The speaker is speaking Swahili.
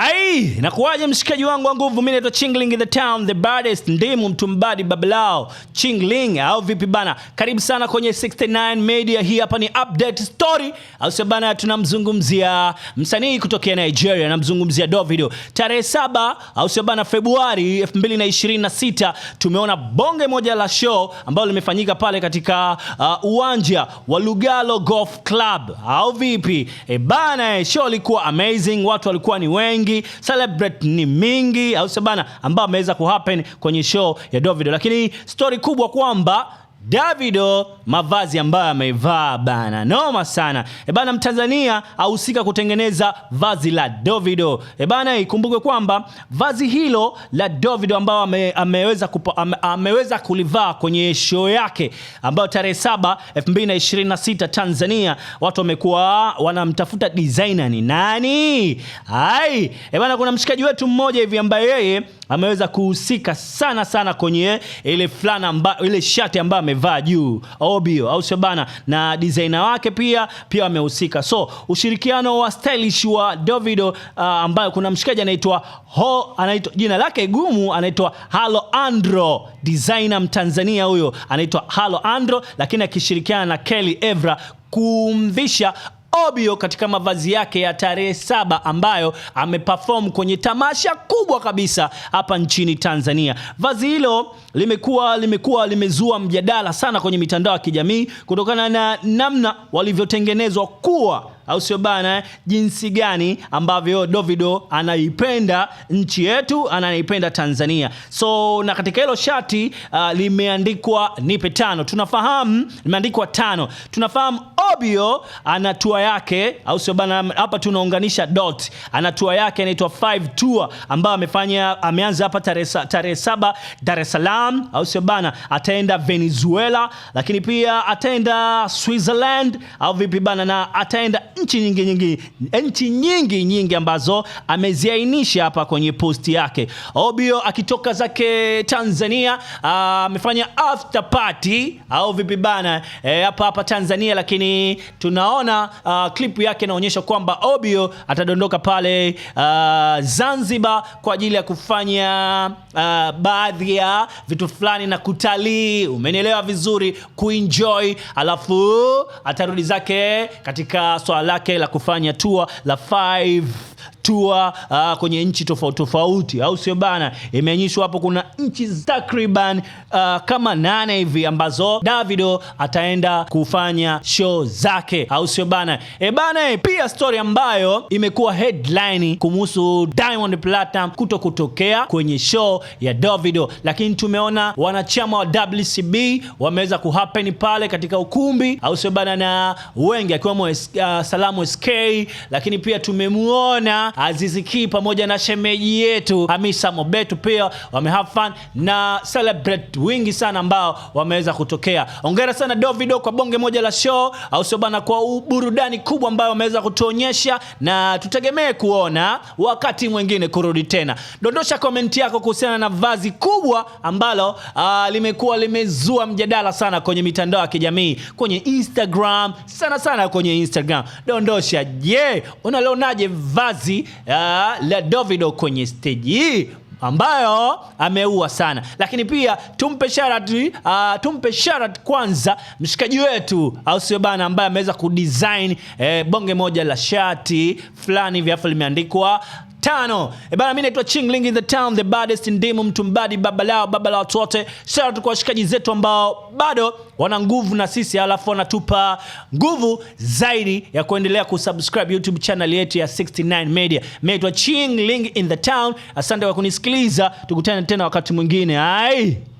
Hai, nakuwaje mshikaji wangu wa nguvu? Mimi naitwa Chingling in the town, the baddest ndimu mtumbadi babalao Chingling au vipi bana? Karibu sana kwenye 69 Media. Hii hapa ni update story, au sio bana? Tunamzungumzia msanii kutokea Nigeria, namzungumzia Davido. Tarehe saba, au sio bana, Februari 2026 tumeona bonge moja la show ambalo limefanyika pale katika uh, uwanja wa Lugalo Golf Club au vipi? E bana, show ilikuwa amazing, watu walikuwa ni wengi mingi, celebrate ni mingi, au sio bana, ambao ameweza kuhappen kwenye show ya Davido, lakini story kubwa kwamba Davido mavazi ambayo amevaa bana, noma sana e bana. Mtanzania ahusika kutengeneza vazi la Davido e bana. kwamba vazi hilo la Davido ambayo ame, ameweza, ame, ameweza kulivaa kwenye show yake ambayo tarehe saba 2026 Tanzania, watu wamekuwa wanamtafuta designer ni nani? Ai e bana, kuna mshikaji wetu mmoja hivi ambaye yeye ameweza kuhusika sana sana kwenye ile flana mba, ile shati ambayo amevaa juu obio, au sio bana? Na designer wake pia pia amehusika. So ushirikiano wa stylish wa Davido uh, ambayo kuna mshikaji anaitwa ho anaitwa jina lake gumu anaitwa Halo Andro, designer Mtanzania huyo anaitwa Halo Andro, lakini akishirikiana na Kelly Evra kumvisha Obio katika mavazi yake ya tarehe saba ambayo ameperform kwenye tamasha kubwa kabisa hapa nchini Tanzania. Vazi hilo limekuwa limekuwa limezua mjadala sana kwenye mitandao ya kijamii kutokana na namna walivyotengenezwa kuwa au sio bana, jinsi gani ambavyo Davido anaipenda nchi yetu, anaipenda Tanzania. So na katika hilo shati uh, limeandikwa nipe tano. Tunafahamu limeandikwa tano. Tunafahamu Fabio ana tour yake, au sio bana? Hapa tunaunganisha dot. Ana tour yake inaitwa 5 tour ambayo amefanya, ameanza hapa tarehe saba Dar es Salaam, au sio bana? Ataenda Venezuela, lakini pia ataenda Switzerland au vipi bana, na ataenda nchi nyingi nyingi, nchi nyingi nyingi ambazo ameziainisha hapa kwenye posti yake. Obio akitoka zake Tanzania ah, amefanya after party au vipi bana, eh, hapa e, hapa Tanzania lakini tunaona uh, klipu yake inaonyesha kwamba Obio atadondoka pale uh, Zanzibar kwa ajili ya kufanya uh, baadhi ya vitu fulani na kutalii, umenielewa vizuri, kuenjoy, alafu atarudi zake katika swala lake la kufanya tour la 5 tua uh, kwenye nchi tofauti tofauti, au sio bana? Imeonyeshwa hapo kuna nchi takriban uh, kama nane hivi ambazo Davido ataenda kufanya show zake, au sio bana? E bana, pia story ambayo imekuwa headline kumhusu Diamond Platinum kuto kutokea kwenye show ya Davido, lakini tumeona wanachama wa WCB wameweza kuhappen pale katika ukumbi, au sio bana, na wengi akiwemo uh, Salamu SK, lakini pia tumemuona Azizi Ki pamoja na shemeji yetu Hamisa Mobetu pia wame have fun na celebrate wingi sana ambao wameweza kutokea. Hongera sana Davido kwa bonge moja la show, au sio bana, kwa burudani kubwa ambayo wameweza kutuonyesha, na tutegemee kuona wakati mwingine kurudi tena. Dondosha komenti yako kuhusiana na vazi kubwa ambalo uh, limekuwa limezua mjadala sana kwenye mitandao ya kijamii, kwenye Instagram sana sana, kwenye Instagram dondosha, je, yeah, unalionaje vazi uh, la Davido kwenye stage hii ambayo ameua sana, lakini pia tumpe sharat uh, tumpe sharat kwanza mshikaji wetu, au sio bana, ambaye ameweza kudesign eh, bonge moja la shati fulani vya limeandikwa tano. E bana, mimi naitwa Chingling in the town, the baddest ndimu mtumbadi, baba lao baba la watu wote. Shout out kwa washikaji zetu ambao bado wana nguvu na sisi, alafu wanatupa nguvu zaidi ya kuendelea kusubscribe YouTube channel yetu ya 69 Media. Mimi naitwa Chingling in the town, asante kwa kunisikiliza, tukutane tena wakati mwingine. Ai.